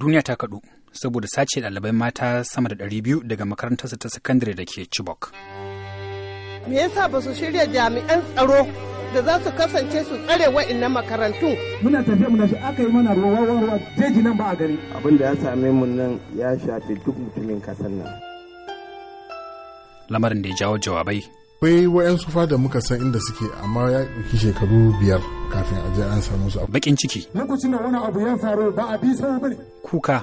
duniya ta kaɗu saboda sace ɗalibai mata sama da ɗari biyu daga makarantarsa ta sakandare da ke Chibok. Me yasa ba su shirya jami'an tsaro da za su kasance su tsare wa'annan makarantu? Muna tafiya muna shi aka yi mana ruwa ruwa jeji nan ba a gari. Abin da ya same mu nan ya shafi duk mutumin kasar nan. Lamarin da ya jawo jawabai. Akwai wa'yansu da muka san inda suke amma ya ɗauki shekaru biyar. kafin a je an samu su bakin ciki lokacin da wani abu ya faru ba a bi sau bane kuka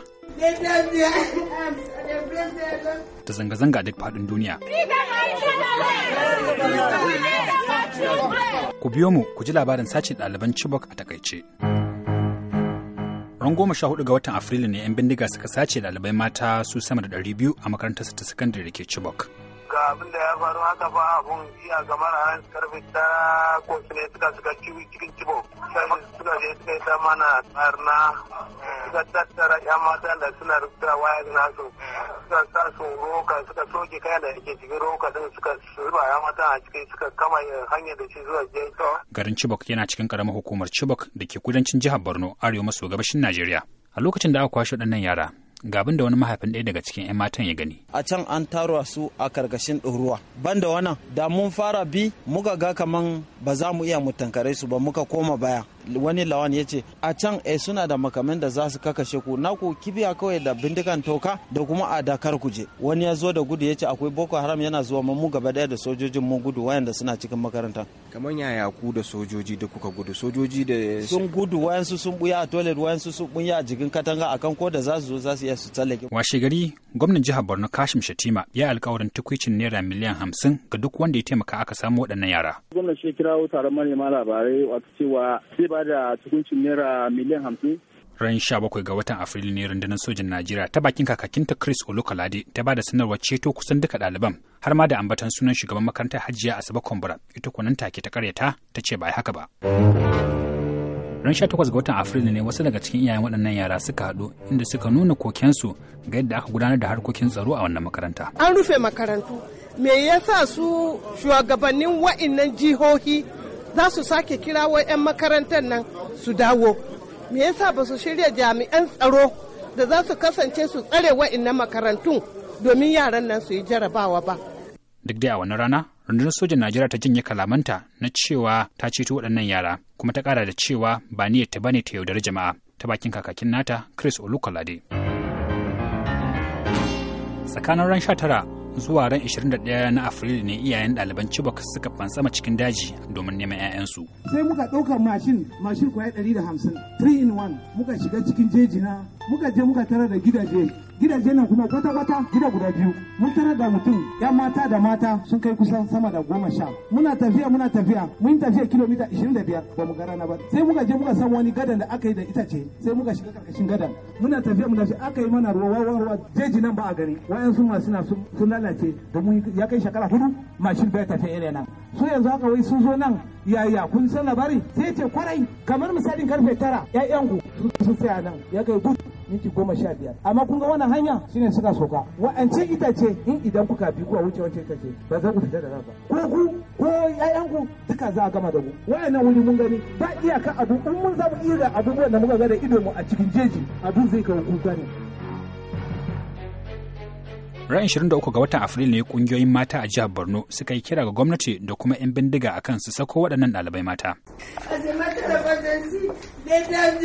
da zanga-zanga duk faɗin duniya. Ku biyo mu ku ji labarin sace ɗaliban Chibok a takaice. Ran goma sha hudu ga watan Afrilu ne 'yan bindiga suka sace ɗalibai mata su sama da ɗari biyu a makarantar su ta sakandare da ke Chibok. ga abin da ya faru haka ba abun iya gamar a karfe tara ko su ne suka suka cikin cibo suka je suka yi ta mana tsarna suka tattara yan mata da suna rubuta waya su suka sa su roka suka soke kayan da yake cikin roka din suka zuba yan mata a ciki suka kama hanyar da shi zuwa jeto. garin chibok yana cikin karamar hukumar chibok da ke kudancin jihar borno arewa maso gabashin najeriya a lokacin da aka kwashe waɗannan yara gabin da wani mahaifin ɗaya daga cikin 'yan matan ya gani. A can an taro su a karkashin ɗoruwa. da wannan da mun fara bi muka ga kaman ba za mu iya mu tankare su ba muka koma baya. wani lawan ya ce a can e suna da makamin da za su kakashe ku na ku kibiya kawai da bindigan toka da kuma a dakar kuje wani ya zo da gudu ya ce akwai boko haram yana zuwa mu gaba daya da sojojin mu gudu wayanda suna cikin makaranta kamar yaya ku da sojoji da kuka gudu sojoji da sun gudu wayansu sun buya a toilet wayansu sun buya a jikin katanga akan ko da za su zo za su iya su tsallake washe gari gwamnan jihar Borno Kashim Shatima ya alkawarin tukwicin naira miliyan hamsin ga duk wanda ya taimaka aka samu waɗannan yara gwamnati ya kirawo taron manema labarai wato cewa zai ba da tukuncin naira miliyan hamsin ran 17 ga watan afrilu ne rundunar sojin najeriya ta bakin kakakinta chris olukalade ta ba da sanarwar ceto kusan duka ɗaliban har ma da ambatan sunan shugaban makarantar hajiya asaba kwambura ita kunan take ta karyata ta ce ba haka ba ran 18 ga watan afrilu ne wasu daga cikin iyayen waɗannan yara suka haɗu inda suka nuna kokensu ga yadda aka gudanar da harkokin tsaro a wannan makaranta an rufe makarantu me yasa su shugabannin wa'innan jihohi za su sake kirawo 'yan makarantar nan su dawo me yasa ba su shirya jami'an tsaro da za su kasance su tsare wa'annan makarantun domin yaran nan su yi jarabawa ba duk da a wani rana rundunar sojan najeriya ta jinye kalamanta na cewa ta ceto waɗannan yara kuma ta ƙara da cewa ba niyyar ta bane ta yaudari jama'a ta bakin kakakin nata chris olukolade tsakanin ran tara. zuwa ran 21 na afrilu ne iyayen ɗaliban chibok suka fansama cikin daji domin neman 'ya'yansu sai muka ɗaukar mashin mashin kwaya 150 3 in 1 muka shiga cikin jeji na muka je muka tarar da gidaje gidaje nan kuma kwata-kwata gida guda biyu mun tarar da mutum ya mata da mata sun kai kusan sama da goma sha muna tafiya muna tafiya mun tafiya kilomita 25 ba mu gara na ba sai muka je muka san wani gadan da aka yi da itace sai muka shiga karkashin gadan muna tafiya muna aka yi mana ruwa ruwa ruwa jeji nan ba a gari wayansu masu na sun lalace da mun ya kai shekara hudu mashin bai tafiya irin nan so yanzu haka wai sun zo nan yaya kun san labari sai ce kwarai kamar misalin karfe tara 'ya'yanku sun tsaya nan ya kai gudu minti goma sha biyar amma kun ga wannan hanya shine suka soka ita ce in idan kuka bi kuwa wuce wancan itace ba za ku fita da ranka ko ku ko ƴaƴanku duka za a gama da ku wa'annan wuri mun gani ba iyaka abu in mun za iya da abubuwan da muka ga da ido mu a cikin jeji abin zai kawo kuka ne Ran 23 ga watan Afrilu ne kungiyoyin mata a jihar Borno suka yi kira ga gwamnati da kuma 'yan bindiga a kan su sako waɗannan ɗalibai mata. presidency, and the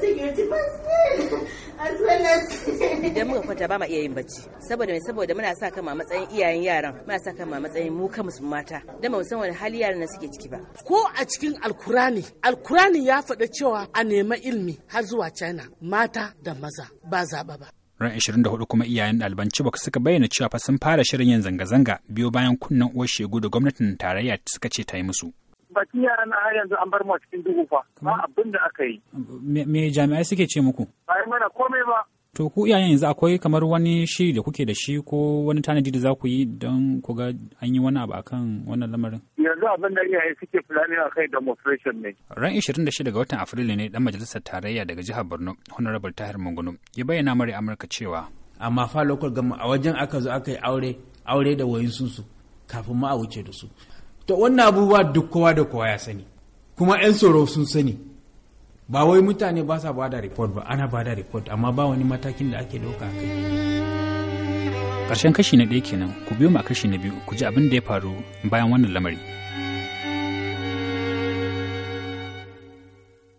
security personnel as well as. Idan muka kwanta ba ma iya yin bacci saboda mai saboda muna sa kama matsayin iyayen yaran muna sa kama matsayin mu musu mata da mu san wani hali yaran suke ciki ba. Ko a cikin Alkurani, Alkurani ya faɗa cewa a nema ilmi har zuwa China mata da maza ba zaɓa ba. ran 24 kuma iyayen ɗaliban Chibok suka bayyana cewa fa sun fara shirin yin zanga-zanga biyo bayan kunnen uwar shegu da gwamnatin tarayya suka ce ta yi musu. bakin na har yanzu an bar mu cikin duhu fa ba abin da aka yi me jami'ai suke ce muku ba yi mana komai ba to ku iyaye yanzu akwai kamar wani shiri da kuke da shi ko wani tanadi da za ku yi don ku ga an yi wani abu akan wannan lamarin yanzu abin da iyaye suke fulani a kai demonstration ne ran 26 ga watan afrilu ne dan majalisar tarayya daga jihar borno honorable tahir mangunu ya bayyana mara amurka cewa amma fa lokal gama a wajen aka zo aka yi aure aure da wayin su kafin ma a wuce da su to wannan abubuwa duk kowa da kowa ya sani kuma 'yan tsoro sun sani ba wai mutane ba sa bada report ba ana bada report amma ba wani matakin da ake ɗauka a kai ƙarshen kashi na ɗaya kenan ku biyo ma kashi na biyu ku ji abin da ya faru bayan wannan lamari